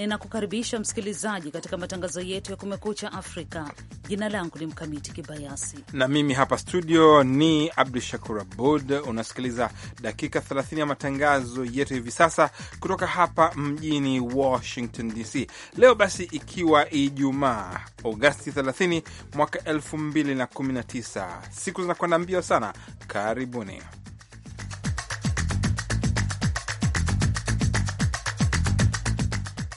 Ninakukaribisha msikilizaji katika matangazo yetu ya Kumekucha Afrika. Jina langu ni Mkamiti Kibayasi na mimi hapa studio ni Abdu Shakur Abud. Unasikiliza dakika 30 ya matangazo yetu hivi sasa kutoka hapa mjini Washington DC. Leo basi, ikiwa Ijumaa Agosti 30 mwaka 2019, siku zinakwenda mbio sana. Karibuni.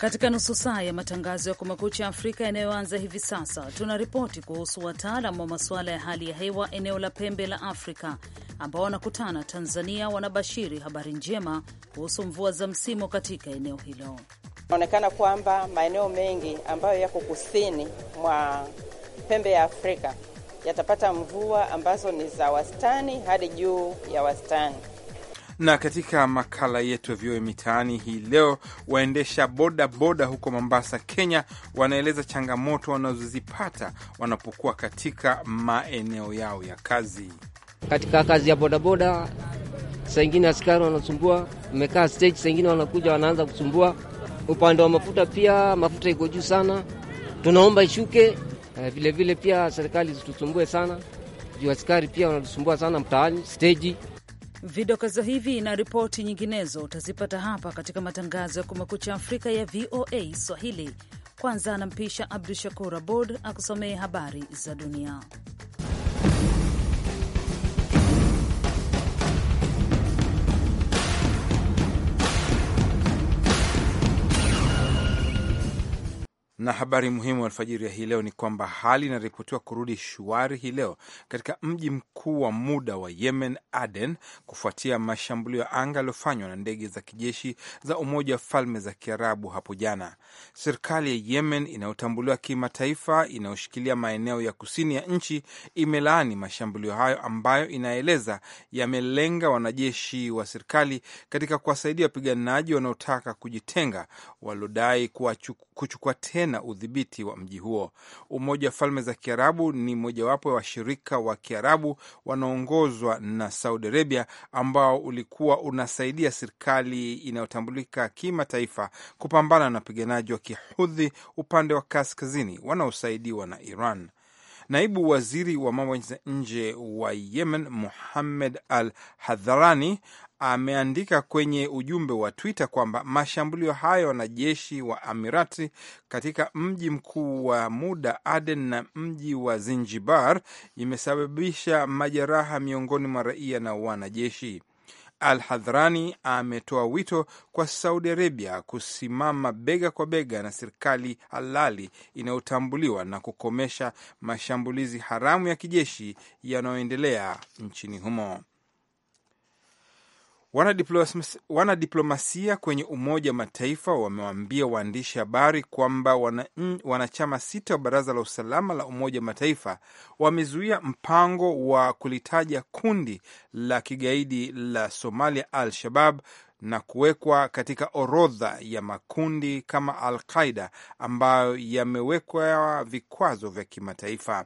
Katika nusu saa ya matangazo ya Kumekucha Afrika yanayoanza hivi sasa, tuna ripoti kuhusu wataalam wa masuala ya hali ya hewa eneo la pembe la Afrika ambao wanakutana Tanzania, wanabashiri habari njema kuhusu mvua za msimu katika eneo hilo. Inaonekana kwamba maeneo mengi ambayo yako kusini mwa pembe ya Afrika yatapata mvua ambazo ni za wastani hadi juu ya wastani na katika makala yetu ya vioe mitaani hii leo, waendesha boda boda huko Mombasa, Kenya, wanaeleza changamoto wanazozipata wanapokuwa katika maeneo yao ya kazi. Katika kazi ya bodaboda, saa ingine askari wanasumbua, mmekaa stage, saa ingine wanakuja wanaanza kusumbua. Upande wa mafuta pia, mafuta iko juu sana, tunaomba ishuke. Vilevile eh, pia serikali zitusumbue sana juu askari pia wanatusumbua sana mtaani steji Vidokezo hivi na ripoti nyinginezo utazipata hapa katika matangazo ya Kumekucha Afrika ya VOA Swahili. Kwanza anampisha Abdu Shakur Abod akusomee habari za dunia. Na habari muhimu wa alfajiri ya hii leo ni kwamba hali inaripotiwa kurudi shwari hii leo katika mji mkuu wa muda wa Yemen, Aden, kufuatia mashambulio ya anga yaliyofanywa na ndege za kijeshi za Umoja wa Falme za Kiarabu hapo jana. Serikali ya Yemen inayotambuliwa kimataifa inayoshikilia maeneo ya kusini ya nchi imelaani mashambulio hayo ambayo inaeleza yamelenga wanajeshi wa serikali katika kuwasaidia wapiganaji wanaotaka kujitenga waliodai kuchukua tena na udhibiti wa mji huo. Umoja wa Falme za Kiarabu ni mojawapo ya wa washirika wa Kiarabu wanaoongozwa na Saudi Arabia, ambao ulikuwa unasaidia serikali inayotambulika kimataifa kupambana na wapiganaji wa Kihudhi upande wa kaskazini wanaosaidiwa na Iran. Naibu waziri wa mambo ya nje wa Yemen Muhammed Al Hadharani ameandika kwenye ujumbe wa Twitter kwamba mashambulio hayo wanajeshi wa Amirati katika mji mkuu wa muda Aden na mji wa Zinjibar imesababisha majeraha miongoni mwa raia na wanajeshi. Al Hadhrani ametoa wito kwa Saudi Arabia kusimama bega kwa bega na serikali halali inayotambuliwa na kukomesha mashambulizi haramu ya kijeshi yanayoendelea nchini humo. Wanadiplomasia kwenye Umoja wa Mataifa wamewaambia waandishi habari kwamba wana, wanachama sita wa Baraza la Usalama la Umoja wa Mataifa wamezuia mpango wa kulitaja kundi la kigaidi la Somalia Al Shabab na kuwekwa katika orodha ya makundi kama Al Qaida ambayo yamewekwa vikwazo vya kimataifa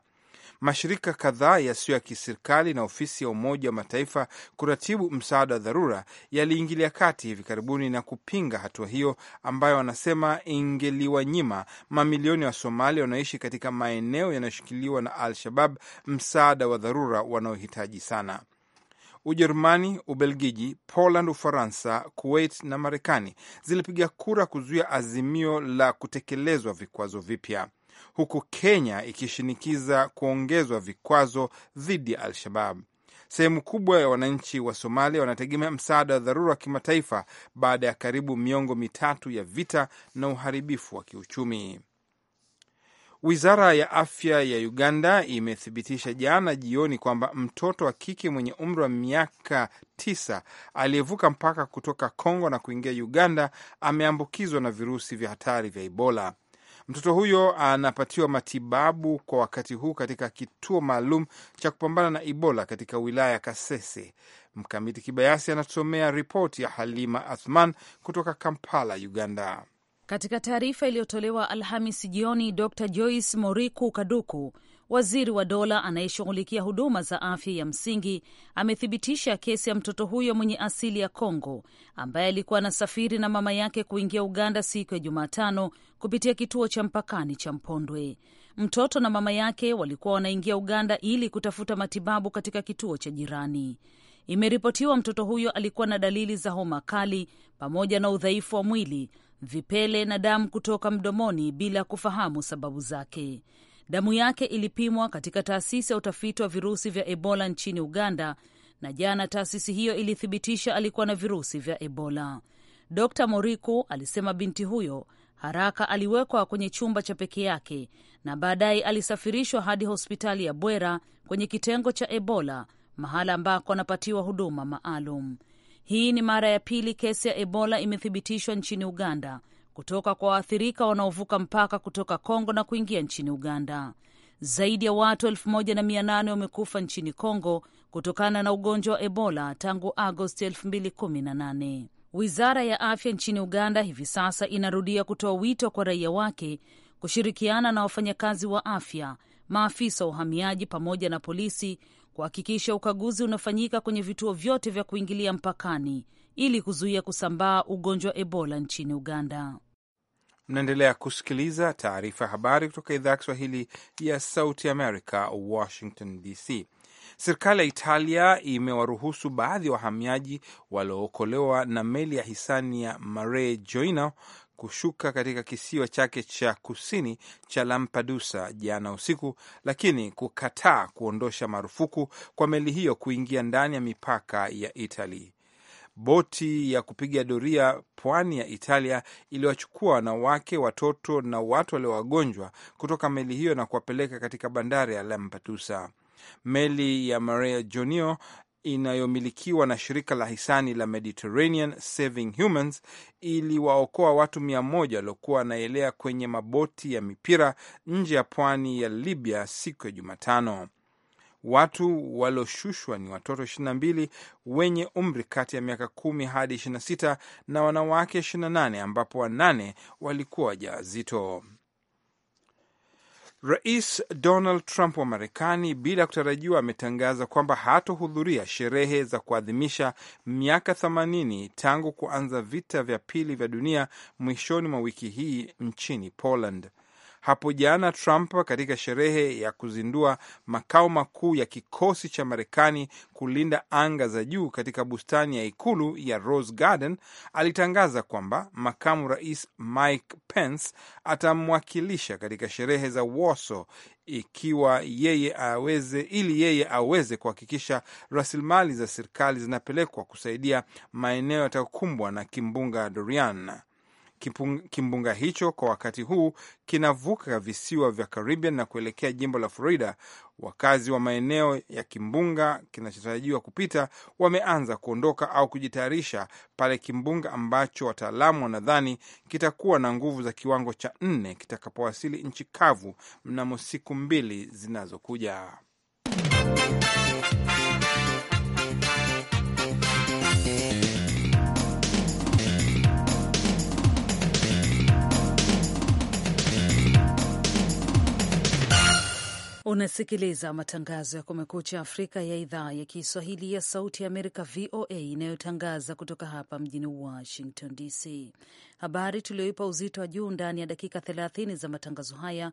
mashirika kadhaa yasiyo ya kiserikali na ofisi ya Umoja wa Mataifa kuratibu msaada wa dharura yaliingilia kati hivi karibuni na kupinga hatua hiyo ambayo wanasema ingeliwanyima mamilioni ya wa Somalia wanaoishi katika maeneo yanayoshikiliwa na Al-Shabab msaada wa dharura wanaohitaji sana. Ujerumani, Ubelgiji, Poland, Ufaransa, Kuwait na Marekani zilipiga kura kuzuia azimio la kutekelezwa vikwazo vipya huku Kenya ikishinikiza kuongezwa vikwazo dhidi ya Al-Shabab. Sehemu kubwa ya wananchi wa Somalia wanategemea msaada wa dharura wa kimataifa baada ya karibu miongo mitatu ya vita na uharibifu wa kiuchumi. Wizara ya afya ya Uganda imethibitisha jana jioni kwamba mtoto wa kike mwenye umri wa miaka tisa aliyevuka mpaka kutoka Kongo na kuingia Uganda ameambukizwa na virusi vya hatari vya Ebola. Mtoto huyo anapatiwa matibabu kwa wakati huu katika kituo maalum cha kupambana na Ebola katika wilaya ya Kasese. Mkamiti Kibayasi anatusomea ripoti ya Halima Athman kutoka Kampala, Uganda. Katika taarifa iliyotolewa Alhamis jioni, Dr Joyce Moriku Kaduku Waziri wa dola anayeshughulikia huduma za afya ya msingi amethibitisha kesi ya mtoto huyo mwenye asili ya congo ambaye alikuwa anasafiri na mama yake kuingia Uganda siku ya Jumatano kupitia kituo cha mpakani cha Mpondwe. Mtoto na mama yake walikuwa wanaingia Uganda ili kutafuta matibabu katika kituo cha jirani. Imeripotiwa mtoto huyo alikuwa na dalili za homa kali pamoja na udhaifu wa mwili, vipele na damu kutoka mdomoni bila kufahamu sababu zake. Damu yake ilipimwa katika taasisi ya utafiti wa virusi vya Ebola nchini Uganda, na jana taasisi hiyo ilithibitisha alikuwa na virusi vya Ebola. Dr Moriku alisema binti huyo haraka aliwekwa kwenye chumba cha peke yake na baadaye alisafirishwa hadi hospitali ya Bwera kwenye kitengo cha Ebola, mahala ambako anapatiwa huduma maalum. Hii ni mara ya pili kesi ya Ebola imethibitishwa nchini Uganda kutoka kwa waathirika wanaovuka mpaka kutoka Kongo na kuingia nchini Uganda. Zaidi ya watu 1800 wamekufa nchini Kongo kutokana na ugonjwa wa Ebola tangu Agosti 2018. Wizara ya afya nchini Uganda hivi sasa inarudia kutoa wito kwa raia wake kushirikiana na wafanyakazi wa afya, maafisa wa uhamiaji pamoja na polisi kuhakikisha ukaguzi unafanyika kwenye vituo vyote vya kuingilia mpakani ili kuzuia kusambaa ugonjwa wa Ebola nchini Uganda. Mnaendelea kusikiliza taarifa ya habari kutoka idhaa ya Kiswahili ya Sauti America, Washington DC. Serikali ya Italia imewaruhusu baadhi ya wahamiaji waliookolewa na meli ya hisani ya Mare Joina kushuka katika kisiwa chake cha kusini cha Lampedusa jana usiku, lakini kukataa kuondosha marufuku kwa meli hiyo kuingia ndani ya mipaka ya Italy boti ya kupiga doria pwani ya Italia iliwachukua wanawake, watoto na watu walio wagonjwa kutoka meli hiyo na kuwapeleka katika bandari ya Lampedusa. Meli ya Maria Jonio inayomilikiwa na shirika la hisani la Mediterranean Saving Humans iliwaokoa watu mia moja waliokuwa wanaelea kwenye maboti ya mipira nje ya pwani ya Libya siku ya Jumatano. Watu walioshushwa ni watoto 22 wenye umri kati ya miaka kumi hadi 26 na wanawake 28 ambapo wanane walikuwa wajawazito. Rais Donald Trump wa Marekani bila kutarajiwa ametangaza kwamba hatohudhuria sherehe za kuadhimisha miaka 80 tangu kuanza vita vya pili vya dunia mwishoni mwa wiki hii nchini Poland hapo jana Trump katika sherehe ya kuzindua makao makuu ya kikosi cha Marekani kulinda anga za juu katika bustani ya ikulu ya Rose Garden alitangaza kwamba makamu rais Mike Pence atamwakilisha katika sherehe za Warsaw ikiwa yeye aweze, ili yeye aweze kuhakikisha rasilimali za serikali zinapelekwa kusaidia maeneo yatayokumbwa na kimbunga Dorian. Kimbunga hicho kwa wakati huu kinavuka visiwa vya Caribbean na kuelekea jimbo la Florida. Wakazi wa maeneo ya kimbunga kinachotarajiwa kupita wameanza kuondoka au kujitayarisha pale kimbunga ambacho wataalamu wanadhani kitakuwa na nguvu za kiwango cha nne kitakapowasili nchi kavu mnamo siku mbili zinazokuja. Unasikiliza matangazo ya Kumekucha Afrika ya idhaa ya Kiswahili ya Sauti ya Amerika, VOA, inayotangaza kutoka hapa mjini Washington DC. Habari tulioipa uzito wa juu ndani ya dakika 30 za matangazo haya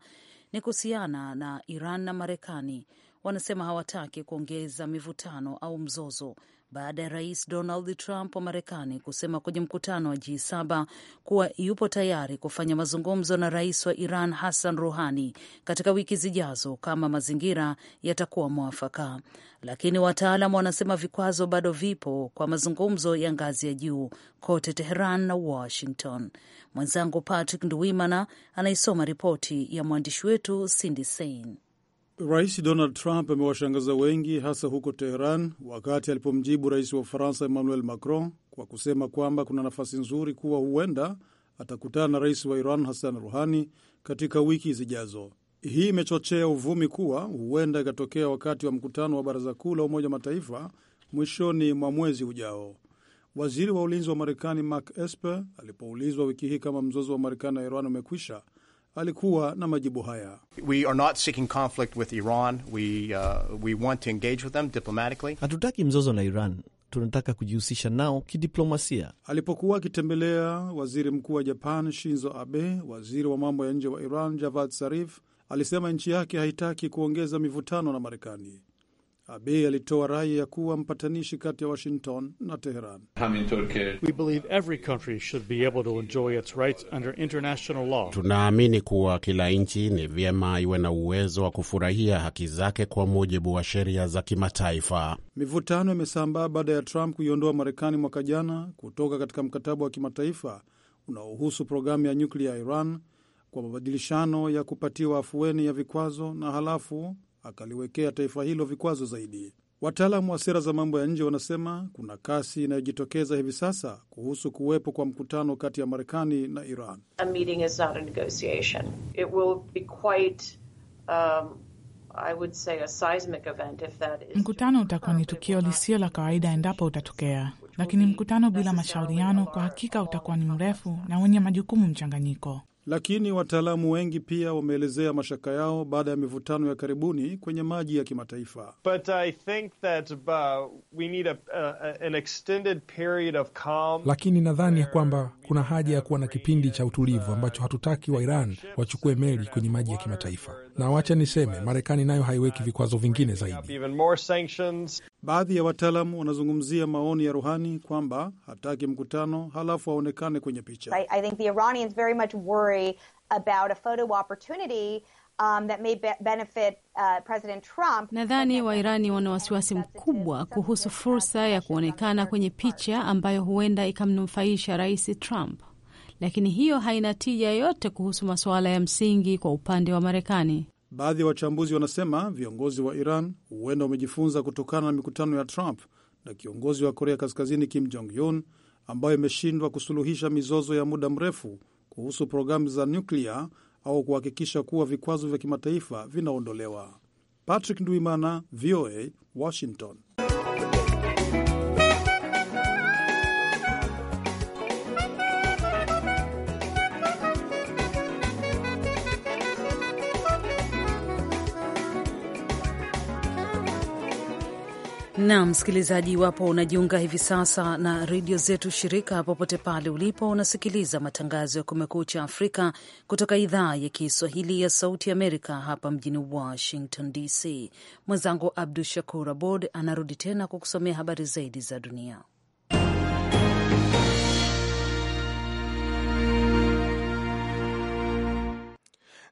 ni kuhusiana na Iran na Marekani wanasema hawataki kuongeza mivutano au mzozo baada ya rais Donald Trump wa Marekani kusema kwenye mkutano wa G7 kuwa yupo tayari kufanya mazungumzo na rais wa Iran Hassan Rouhani katika wiki zijazo kama mazingira yatakuwa mwafaka. Lakini wataalam wanasema vikwazo bado vipo kwa mazungumzo ya ngazi ya juu kote Teheran na Washington. Mwenzangu Patrick Nduwimana anaisoma ripoti ya mwandishi wetu Cindy Sein. Rais Donald Trump amewashangaza wengi hasa huko Teheran wakati alipomjibu rais wa Ufaransa Emmanuel Macron kwa kusema kwamba kuna nafasi nzuri kuwa huenda atakutana na rais wa Iran Hassan Ruhani katika wiki zijazo. Hii imechochea uvumi kuwa huenda ikatokea wakati wa mkutano wa Baraza Kuu la Umoja Mataifa mwishoni mwa mwezi ujao. Waziri wa ulinzi wa Marekani Mark Esper alipoulizwa wiki hii kama mzozo wa Marekani na Iran umekwisha, alikuwa na majibu haya. Hatutaki mzozo na Iran, tunataka kujihusisha nao kidiplomasia. Alipokuwa akitembelea waziri mkuu wa Japan Shinzo Abe, waziri wa mambo ya nje wa Iran Javad Zarif alisema nchi yake haitaki kuongeza mivutano na Marekani. Abiy alitoa rai ya kuwa mpatanishi kati ya Washington na Teheran. Tunaamini kuwa kila nchi ni vyema iwe na uwezo wa kufurahia haki zake kwa mujibu wa sheria za kimataifa. Mivutano imesambaa baada ya Trump kuiondoa Marekani mwaka jana kutoka katika mkataba wa kimataifa unaohusu programu ya nyuklia ya Iran kwa mabadilishano ya kupatiwa afueni ya vikwazo na halafu akaliwekea taifa hilo vikwazo zaidi. Wataalamu wa sera za mambo ya nje wanasema kuna kasi inayojitokeza hivi sasa kuhusu kuwepo kwa mkutano kati ya Marekani na Iran. Mkutano utakuwa ni tukio lisio la kawaida endapo utatokea, lakini mkutano bila mashauriano kwa hakika utakuwa ni mrefu na wenye majukumu mchanganyiko lakini wataalamu wengi pia wameelezea mashaka yao baada ya mivutano ya karibuni kwenye maji ya kimataifa. Uh, lakini nadhani ya kwamba kuna haja ya kuwa na kipindi cha utulivu ambacho hatutaki wa Iran wachukue meli kwenye maji ya kimataifa, na wacha niseme, Marekani nayo haiweki vikwazo vingine zaidi. Baadhi ya wataalamu wanazungumzia maoni ya Ruhani kwamba hataki mkutano halafu aonekane kwenye picha. I, I think the story about a photo opportunity Um, that may be benefit, uh, President Trump. Nadhani Wairani wana wasiwasi mkubwa kuhusu fursa ya kuonekana kwenye picha ambayo huenda ikamnufaisha Rais Trump, lakini hiyo haina tija yoyote kuhusu masuala ya msingi kwa upande wa Marekani. Baadhi ya wa wachambuzi wanasema viongozi wa Iran huenda wamejifunza kutokana na mikutano ya Trump na kiongozi wa Korea Kaskazini Kim Jong Un ambayo imeshindwa kusuluhisha mizozo ya muda mrefu kuhusu programu za nyuklia au kuhakikisha kuwa vikwazo vya kimataifa vinaondolewa. Patrick Ndwimana, VOA, Washington. na msikilizaji, iwapo unajiunga hivi sasa na redio zetu shirika, popote pale ulipo unasikiliza matangazo ya Kumekucha Afrika kutoka idhaa ya Kiswahili ya Sauti Amerika hapa mjini Washington DC. Mwenzangu Abdu Shakur Abod anarudi tena kukusomea habari zaidi za dunia.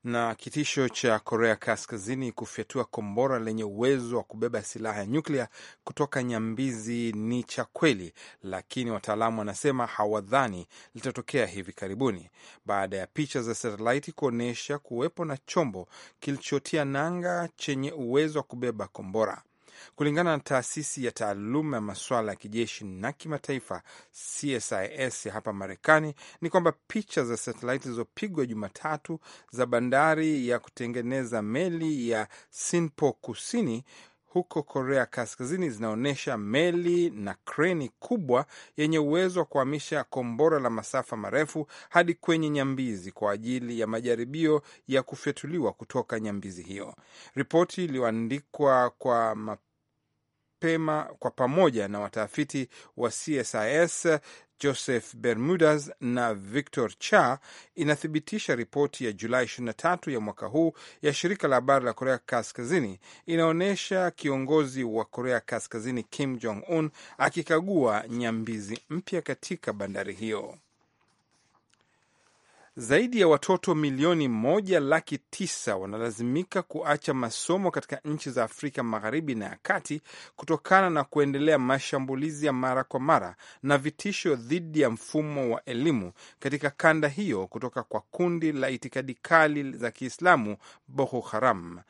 na kitisho cha Korea Kaskazini kufyatua kombora lenye uwezo wa kubeba silaha ya nyuklia kutoka nyambizi ni cha kweli, lakini wataalamu wanasema hawadhani litatokea hivi karibuni, baada ya picha za satelaiti kuonyesha kuwepo na chombo kilichotia nanga chenye uwezo wa kubeba kombora. Kulingana na taasisi ya taaluma ya masuala ya kijeshi na kimataifa CSIS hapa Marekani ni kwamba picha za satelaiti zilizopigwa Jumatatu za bandari ya kutengeneza meli ya Sinpo kusini huko Korea Kaskazini zinaonyesha meli na kreni kubwa yenye uwezo wa kuhamisha kombora la masafa marefu hadi kwenye nyambizi kwa ajili ya majaribio ya kufyatuliwa kutoka nyambizi hiyo. Ripoti iliyoandikwa kwa mapema kwa pamoja na watafiti wa CSIS Joseph bermudas na Victor Cha inathibitisha ripoti ya Julai 23 ya mwaka huu ya shirika la habari la Korea Kaskazini inaonyesha kiongozi wa Korea Kaskazini Kim Jong Un akikagua nyambizi mpya katika bandari hiyo. Zaidi ya watoto milioni moja laki tisa wanalazimika kuacha masomo katika nchi za Afrika magharibi na ya kati kutokana na kuendelea mashambulizi ya mara kwa mara na vitisho dhidi ya mfumo wa elimu katika kanda hiyo kutoka kwa kundi la itikadi kali za Kiislamu Boko Haram.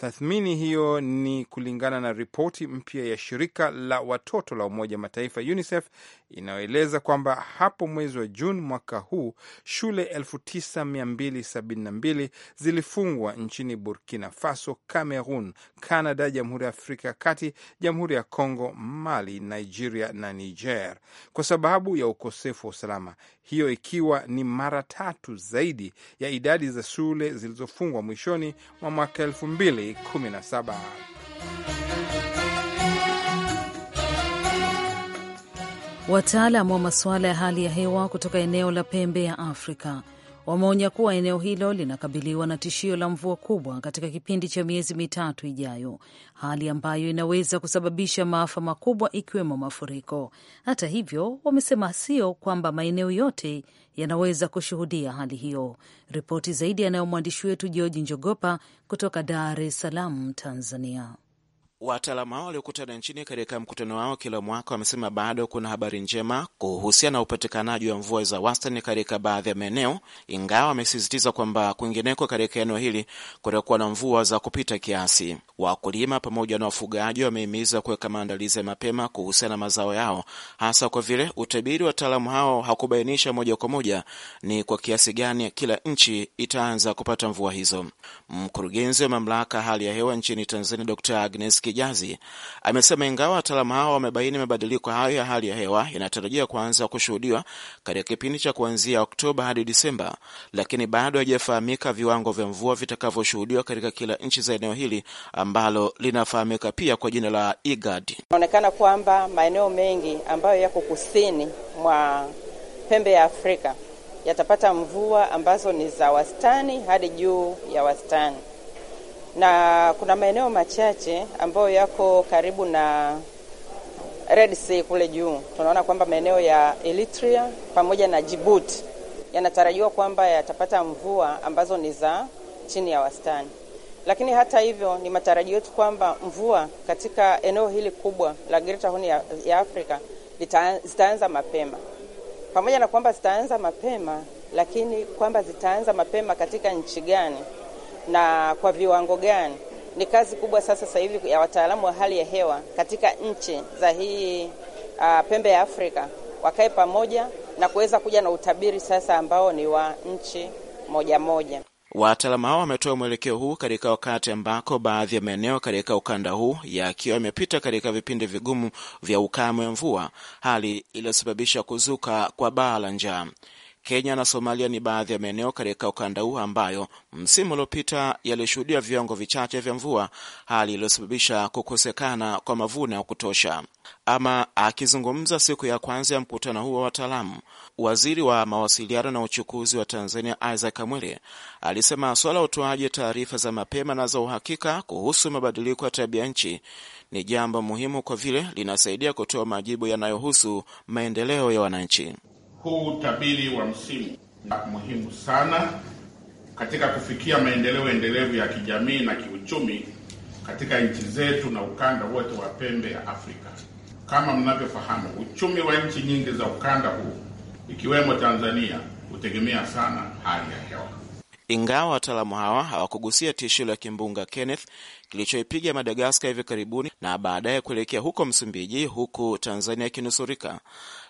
Tathmini hiyo ni kulingana na ripoti mpya ya shirika la watoto la Umoja Mataifa UNICEF inayoeleza kwamba hapo mwezi wa Juni mwaka huu shule 9272 zilifungwa nchini Burkina Faso, Cameroon, Canada, Jamhuri ya Afrika ya Kati, Jamhuri ya congo Mali, Nigeria na Niger kwa sababu ya ukosefu wa usalama, hiyo ikiwa ni mara tatu zaidi ya idadi za shule zilizofungwa mwishoni mwa mwaka elfu mbili Februari Wataalam wa masuala ya hali ya hewa kutoka eneo la pembe ya Afrika wameonya kuwa eneo hilo linakabiliwa na tishio la mvua kubwa katika kipindi cha miezi mitatu ijayo, hali ambayo inaweza kusababisha maafa makubwa ikiwemo mafuriko. Hata hivyo, wamesema sio kwamba maeneo yote yanaweza kushuhudia hali hiyo. Ripoti zaidi anayo mwandishi wetu Georgi Njogopa kutoka Dar es Salaam, Tanzania. Wataalamu hao waliokutana nchini katika mkutano wao kila mwaka wamesema bado kuna habari njema kuhusiana na upatikanaji wa mvua za wastani katika baadhi ya maeneo, ingawa wamesisitiza kwamba kwingineko katika eneo hili kutakuwa na mvua za kupita kiasi. Wakulima pamoja na wafugaji wamehimiza kuweka maandalizi ya mapema kuhusiana na mazao yao, hasa kwa vile utabiri wa wataalamu hao hakubainisha moja kwa moja ni kwa kiasi gani kila nchi itaanza kupata mvua hizo. Mkurugenzi wa mamlaka hali ya hewa nchini Tanzania Dr. Agnes Kijazi amesema ingawa wataalamu hao wamebaini mabadiliko hayo ya hali ya hewa yanatarajia kuanza kushuhudiwa katika kipindi cha kuanzia Oktoba hadi Disemba, lakini bado hajafahamika viwango vya mvua vitakavyoshuhudiwa katika kila nchi za eneo hili ambalo linafahamika pia kwa jina la IGAD. Inaonekana kwamba maeneo mengi ambayo yako kusini mwa pembe ya Afrika yatapata mvua ambazo ni za wastani hadi juu ya wastani na kuna maeneo machache ambayo yako karibu na Red Sea kule juu. Tunaona kwamba maeneo ya Eritrea pamoja na Djibouti yanatarajiwa kwamba yatapata mvua ambazo ni za chini ya wastani, lakini hata hivyo, ni matarajio yetu kwamba mvua katika eneo hili kubwa la Greater Horn ya, ya Afrika zitaanza mapema, pamoja na kwamba zitaanza mapema, lakini kwamba zitaanza mapema katika nchi gani na kwa viwango gani. Ni kazi kubwa sasa sasa hivi ya wataalamu wa hali ya hewa katika nchi za hii uh, pembe ya Afrika wakae pamoja na kuweza kuja na utabiri sasa ambao ni wa nchi moja moja. Wataalamu hao wametoa mwelekeo huu katika wakati ambako baadhi ya maeneo katika ukanda huu yakiwa yamepita katika vipindi vigumu vya ukame wa mvua, hali iliyosababisha kuzuka kwa baa la njaa. Kenya na Somalia ni baadhi ya maeneo katika ukanda huu ambayo msimu uliopita yalishuhudia viwango vichache vya mvua, hali iliyosababisha kukosekana kwa mavuno ya kutosha. Ama akizungumza siku ya kwanza ya mkutano huo wa wataalamu, waziri wa mawasiliano na uchukuzi wa Tanzania Isaac Kamwile alisema swala utoaji taarifa za mapema na za uhakika kuhusu mabadiliko ya tabia nchi ni jambo muhimu kwa vile linasaidia kutoa majibu yanayohusu maendeleo ya wananchi. Huu utabiri wa msimu ni muhimu sana katika kufikia maendeleo endelevu ya kijamii na kiuchumi katika nchi zetu na ukanda wote wa pembe ya Afrika. Kama mnavyofahamu, uchumi wa nchi nyingi za ukanda huu ikiwemo Tanzania hutegemea sana hali ya hewa. Ingawa wataalamu hawa hawakugusia tishio la kimbunga Kenneth kilichoipiga Madagaskar hivi karibuni na baadaye kuelekea huko Msumbiji, huku Tanzania ikinusurika,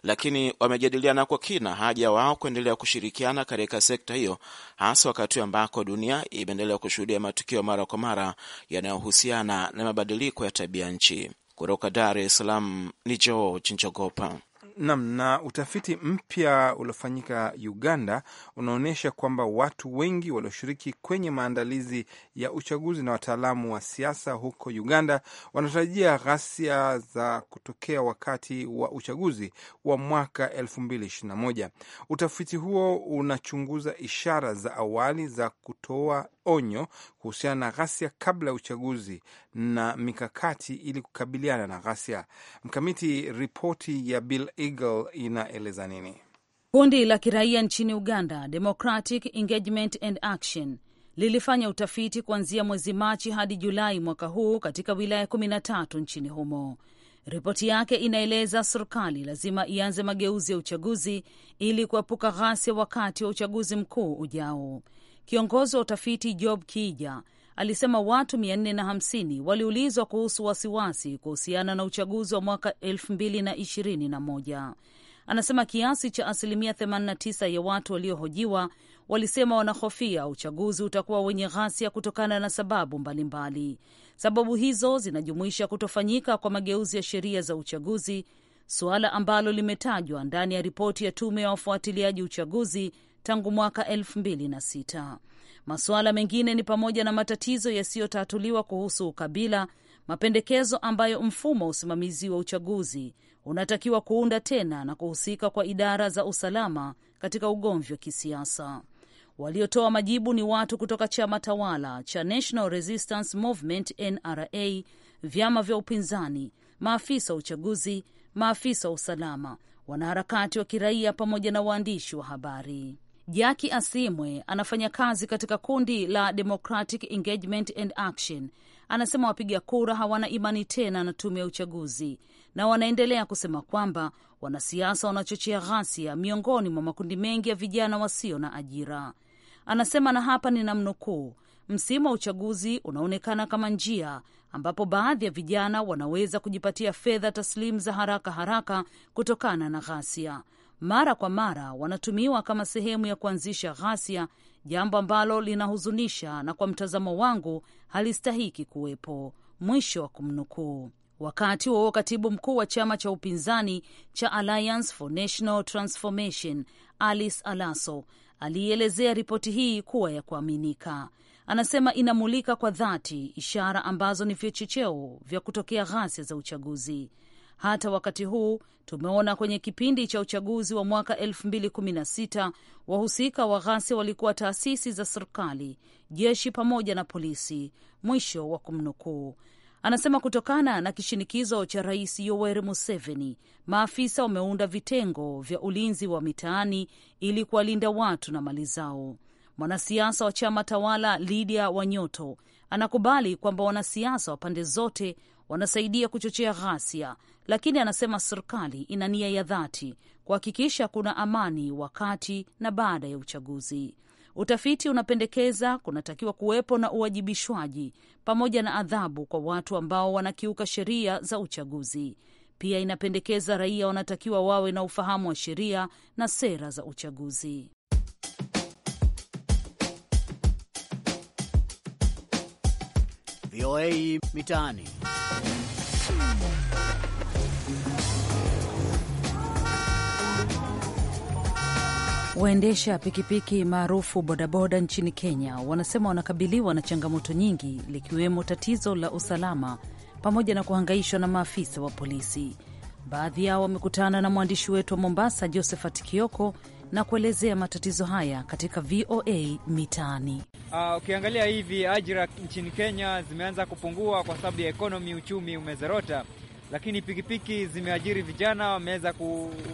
lakini wamejadiliana kwa kina haja wao kuendelea kushirikiana katika sekta hiyo, hasa wakati ambako dunia imeendelea kushuhudia matukio mara kwa mara yanayohusiana na mabadiliko ya tabia nchi. Kutoka Dar es Salaam ni George Njogopa nam na utafiti mpya uliofanyika Uganda unaonyesha kwamba watu wengi walioshiriki kwenye maandalizi ya uchaguzi na wataalamu wa siasa huko Uganda wanatarajia ghasia za kutokea wakati wa uchaguzi wa mwaka 2021. Utafiti huo unachunguza ishara za awali za kutoa onyo kuhusiana na ghasia kabla ya uchaguzi na mikakati ili kukabiliana na ghasia. Mkamiti, ripoti ya Bill Eagle inaeleza nini? Kundi la kiraia nchini Uganda, Democratic Engagement and Action, lilifanya utafiti kuanzia mwezi Machi hadi Julai mwaka huu katika wilaya 13 nchini humo. Ripoti yake inaeleza serikali lazima ianze mageuzi ya uchaguzi ili kuepuka ghasia wakati wa uchaguzi mkuu ujao. Kiongozi wa utafiti Job Kija alisema watu 450 waliulizwa kuhusu wasiwasi kuhusiana na uchaguzi wa mwaka 2021. Anasema kiasi cha asilimia 89 ya watu waliohojiwa walisema wanahofia uchaguzi utakuwa wenye ghasia kutokana na sababu mbalimbali mbali. Sababu hizo zinajumuisha kutofanyika kwa mageuzi ya sheria za uchaguzi, suala ambalo limetajwa ndani ya ripoti ya tume ya wafuatiliaji uchaguzi tangu mwaka elfu mbili na sita. Masuala mengine ni pamoja na matatizo yasiyotatuliwa kuhusu ukabila, mapendekezo ambayo mfumo wa usimamizi wa uchaguzi unatakiwa kuunda tena na kuhusika kwa idara za usalama katika ugomvi wa kisiasa. Waliotoa majibu ni watu kutoka chama tawala cha National Resistance Movement NRA, vyama vya upinzani, maafisa wa uchaguzi, maafisa wa usalama, wanaharakati wa kiraia pamoja na waandishi wa habari. Jaki Asimwe anafanya kazi katika kundi la Democratic Engagement and Action. Anasema wapiga kura hawana imani tena na tume ya uchaguzi, na wanaendelea kusema kwamba wanasiasa wanachochea ghasia miongoni mwa makundi mengi ya vijana wasio na ajira. Anasema na hapa ni namnukuu, msimu wa uchaguzi unaonekana kama njia ambapo baadhi ya vijana wanaweza kujipatia fedha taslimu za haraka haraka kutokana na ghasia mara kwa mara wanatumiwa kama sehemu ya kuanzisha ghasia, jambo ambalo linahuzunisha na kwa mtazamo wangu halistahiki kuwepo. Mwisho wa kumnukuu. Wakati huo katibu mkuu wa chama cha upinzani cha Alliance for National Transformation Alice Alaso aliielezea ripoti hii kuwa ya kuaminika. Anasema inamulika kwa dhati ishara ambazo ni vichocheo vya kutokea ghasia za uchaguzi. Hata wakati huu tumeona kwenye kipindi cha uchaguzi wa mwaka 2016 wahusika wa ghasia walikuwa taasisi za serikali, jeshi pamoja na polisi. Mwisho wa kumnukuu. Anasema kutokana na kishinikizo cha Rais Yoweri Museveni, maafisa wameunda vitengo vya ulinzi wa mitaani ili kuwalinda watu na mali zao. Mwanasiasa wa chama tawala Lidia Wanyoto anakubali kwamba wanasiasa wa pande zote wanasaidia kuchochea ghasia lakini anasema serikali ina nia ya dhati kuhakikisha kuna amani wakati na baada ya uchaguzi. Utafiti unapendekeza kunatakiwa kuwepo na uwajibishwaji pamoja na adhabu kwa watu ambao wanakiuka sheria za uchaguzi. Pia inapendekeza raia wanatakiwa wawe na ufahamu wa sheria na sera za uchaguzi. VOA Mitaani. Waendesha pikipiki maarufu bodaboda nchini Kenya wanasema wanakabiliwa na changamoto nyingi likiwemo tatizo la usalama pamoja na kuhangaishwa na maafisa wa polisi. Baadhi yao wamekutana na mwandishi wetu wa Mombasa, Josephat Kioko, na kuelezea matatizo haya katika VOA Mitaani. Uh, ukiangalia hivi ajira nchini Kenya zimeanza kupungua kwa sababu ya ekonomi, uchumi umezorota lakini pikipiki zimeajiri vijana, wameweza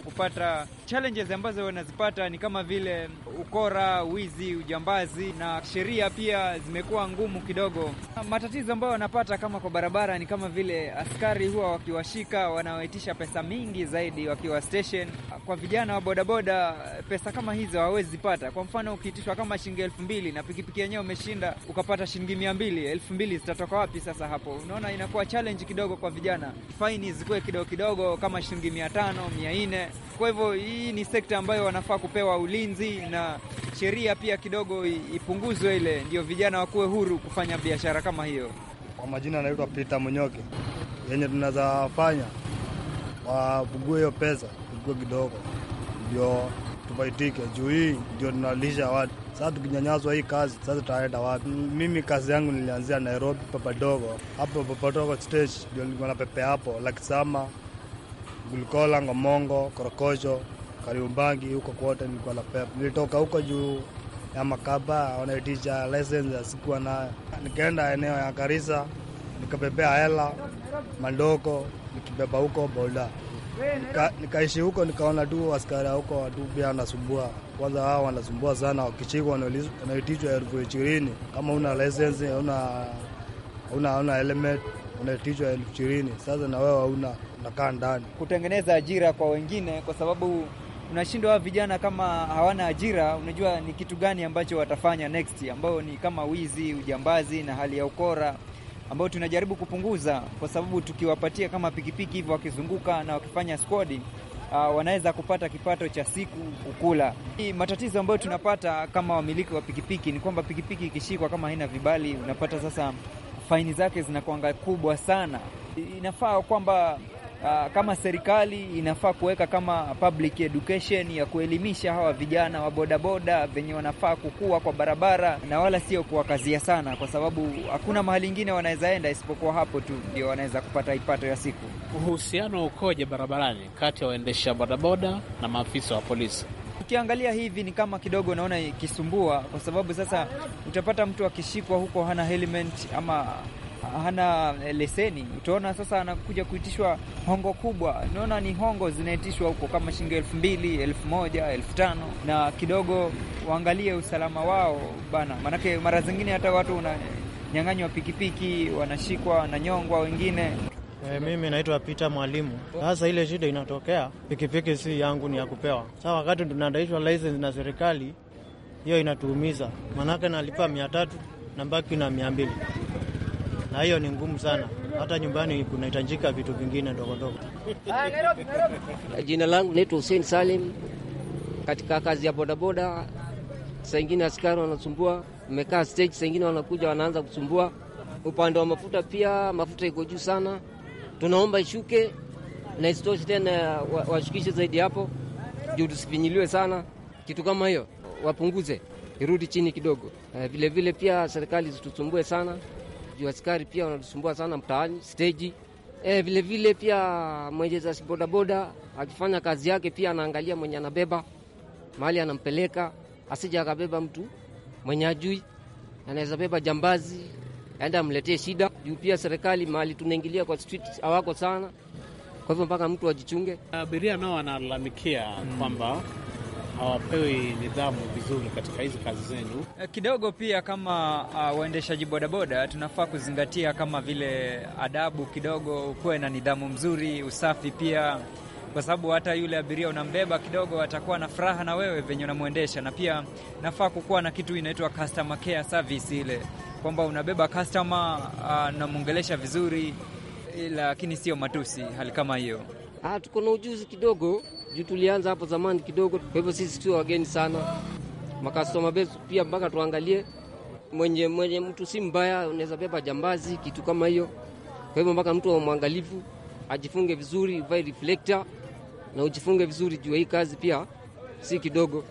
kupata challenges ambazo wanazipata ni kama vile ukora, wizi, ujambazi na sheria pia zimekuwa ngumu kidogo. Matatizo ambayo wanapata kama kwa barabara ni kama vile askari huwa wakiwashika wanawaitisha pesa mingi zaidi wakiwa station. Kwa vijana wa bodaboda pesa kama hizo hawezi pata. Kwa mfano ukiitishwa kama shilingi elfu mbili na pikipiki yenyewe umeshinda ukapata shilingi mia mbili elfu mbili zitatoka wapi sasa hapo? Unaona inakuwa challenge kidogo kwa vijana faini zikuwe kidogo kidogo kama shilingi mia tano mia nne. Kwa hivyo hii ni sekta ambayo wanafaa kupewa ulinzi na sheria pia kidogo ipunguzwe ile, ndio vijana wakuwe huru kufanya biashara kama hiyo. Kwa majina anaitwa Peter Munyoke. Yenye tunaweza fanya wapungue hiyo pesa kidogo kidogo, ndio tufaidike, juu hii ndio tunalisha watu sasa tukinyanyazwa hii kazi, sasa tutaenda wapi? Mimi kazi yangu nilianzia Nairobi Papadogo, hapo Papadogo stage ndio nilikuwa na pepe hapo Lakisama, Gulkola, Ngomongo, Korokojo, Kariumbangi, huko kwote nilikuwa na pepe. Nilitoka huko juu ya makaba wanaitisha license, sikuwa nayo, nikaenda eneo ya Garissa nikapepea hela mandoko, nikibeba huko boda, nikaishi nika huko, nikaona tu askari huko watu pia wanasumbua kwanza hawa wanasumbua sana, wakichikwa wanaitishwa elfu ishirini kama una lisensi una una una unaitishwa elfu ishirini Sasa na wewe hauna, unakaa ndani. Kutengeneza ajira kwa wengine, kwa sababu unashindwa vijana kama hawana ajira, unajua ni kitu gani ambacho watafanya next, ambayo ni kama wizi, ujambazi na hali ya ukora ambayo tunajaribu kupunguza, kwa sababu tukiwapatia kama pikipiki hivyo wakizunguka na wakifanya skodi uh, wanaweza kupata kipato cha siku kukula. Matatizo ambayo tunapata kama wamiliki wa pikipiki ni kwamba pikipiki ikishikwa kama haina vibali, unapata sasa faini zake zinakuanga kubwa sana. Inafaa kwamba uh, kama serikali inafaa kuweka kama public education ya kuelimisha hawa vijana wa bodaboda venye wanafaa kukua kwa barabara, na wala sio kuwakazia sana, kwa sababu hakuna mahali ingine wanaweza enda isipokuwa hapo tu ndio wanaweza kupata ipato ya siku. Uhusiano ukoje barabarani kati ya waendesha bodaboda na maafisa wa polisi? Ukiangalia hivi ni kama kidogo naona ikisumbua, kwa sababu sasa utapata mtu akishikwa huko hana helmet ama hana leseni. Utaona sasa anakuja kuitishwa hongo kubwa. Unaona ni hongo zinaitishwa huko kama shilingi elfu mbili, elfu moja, elfu tano na kidogo waangalie usalama wao bana, maanake mara zingine hata watu wananyang'anywa pikipiki, wanashikwa, wananyongwa wengine. E, mimi naitwa Peter Mwalimu. Sasa ile shida inatokea, pikipiki si yangu, ni ya kupewa. Sasa wakati tunadaishwa license na serikali, hiyo inatuumiza, maanake nalipa mia tatu na baki na mia mbili na hiyo ni ngumu sana. Hata nyumbani kunahitajika vitu vingine ndogo ndogo. Ah, Jina langu naitwa Hussein Salim, katika kazi ya bodaboda. Saa ingine askari wanasumbua, mmekaa stage, saa ingine wanakuja wanaanza kusumbua. Upande wa mafuta pia, mafuta iko juu sana, tunaomba ishuke na isitoshe tena washukishe zaidi hapo juu tusifinyiliwe sana, kitu kama hiyo wapunguze, irudi chini kidogo. Vilevile eh, vile pia serikali zitusumbue sana juu askari pia wanatusumbua sana mtaani steji. E, vilevile pia mwenyeza bodaboda akifanya kazi yake pia anaangalia mwenye anabeba mahali anampeleka, asija akabeba mtu mwenye ajui, anaweza beba jambazi aenda amletee shida. Juu pia serikali mahali tunaingilia kwa street hawako sana, kwa hivyo mpaka mtu ajichunge. Abiria nao wanalalamikia mm, kwamba hawapewi nidhamu vizuri katika hizi kazi zenu. Eh, kidogo pia kama uh, waendeshaji bodaboda tunafaa kuzingatia kama vile adabu kidogo, kuwe na nidhamu mzuri, usafi pia, kwa sababu hata yule abiria unambeba kidogo atakuwa na furaha na wewe venye unamwendesha, na pia nafaa kukuwa na kitu inaitwa customer care service ile kwamba unabeba customer uh, ah, namwongelesha vizuri, eh, lakini sio matusi hali kama hiyo. Ah, tuko na ujuzi kidogo juu tulianza hapo zamani kidogo. Kwa hivyo sisi sio wageni sana, makastoma base pia mpaka tuangalie mwenye, mwenye mtu si mbaya, unaweza beba jambazi kitu kama hiyo. Kwa hivyo mpaka mtu wa mwangalifu ajifunge vizuri, uvae reflector na ujifunge vizuri juu hii kazi pia si kidogo.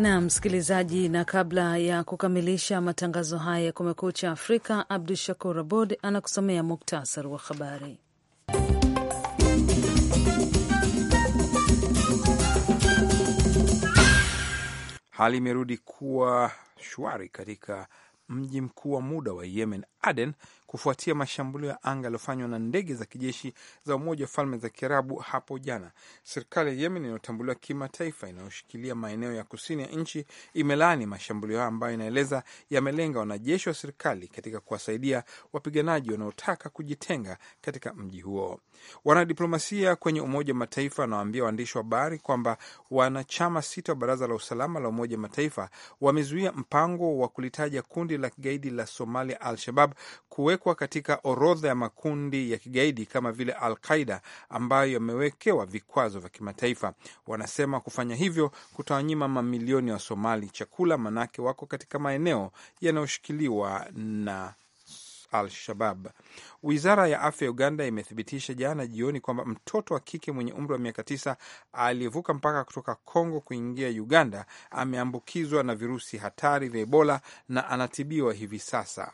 na msikilizaji, na kabla ya kukamilisha matangazo haya ya Kumekucha Afrika, Abdu Shakur Abod anakusomea muktasari wa habari. Hali imerudi kuwa shwari katika mji mkuu wa muda wa Yemen, Aden, kufuatia mashambulio ya anga yaliyofanywa na ndege za kijeshi za Umoja wa Falme za Kiarabu hapo jana. Serikali ya Yemen inayotambuliwa kimataifa inayoshikilia maeneo ya kusini ya nchi imelaani mashambulio hayo ambayo inaeleza yamelenga wanajeshi wa serikali katika kuwasaidia wapiganaji wanaotaka kujitenga katika mji huo. Wanadiplomasia kwenye Umoja wa Mataifa wanawaambia waandishi wa habari kwamba wanachama sita wa Baraza la Usalama la Umoja wa Mataifa wamezuia mpango wa kulitaja kundi la kigaidi la Somalia Al-Shabab kuwe kuwekwa katika orodha ya makundi ya kigaidi kama vile Al Qaida ambayo yamewekewa vikwazo vya kimataifa. Wanasema kufanya hivyo kutawanyima mamilioni ya somali Wasomali chakula, manake wako katika maeneo yanayoshikiliwa na Al-Shabab. Wizara ya afya ya Uganda imethibitisha jana jioni kwamba mtoto wa kike mwenye umri wa miaka tisa aliyevuka mpaka kutoka Kongo kuingia Uganda ameambukizwa na virusi hatari vya Ebola na anatibiwa hivi sasa.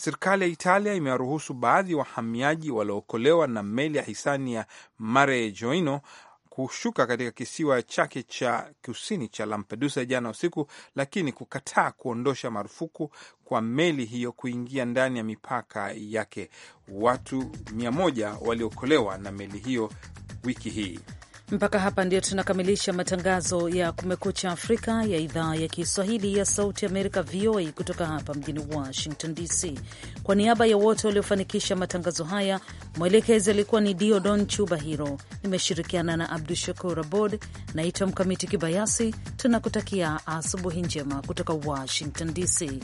Serikali ya Italia imewaruhusu baadhi ya wahamiaji waliookolewa na meli ya hisani ya Mare Joino kushuka katika kisiwa chake cha kusini cha Lampedusa jana usiku, lakini kukataa kuondosha marufuku kwa meli hiyo kuingia ndani ya mipaka yake. Watu mia moja waliokolewa na meli hiyo wiki hii. Mpaka hapa ndio tunakamilisha matangazo ya Kumekucha Afrika ya idhaa ya Kiswahili ya Sauti Amerika, VOA, kutoka hapa mjini Washington DC. Kwa niaba ya wote waliofanikisha matangazo haya, mwelekezi alikuwa ni Diodon Chuba Hiro, nimeshirikiana na Abdu Shakur Abod. Naitwa Mkamiti Kibayasi. Tunakutakia asubuhi njema kutoka Washington DC.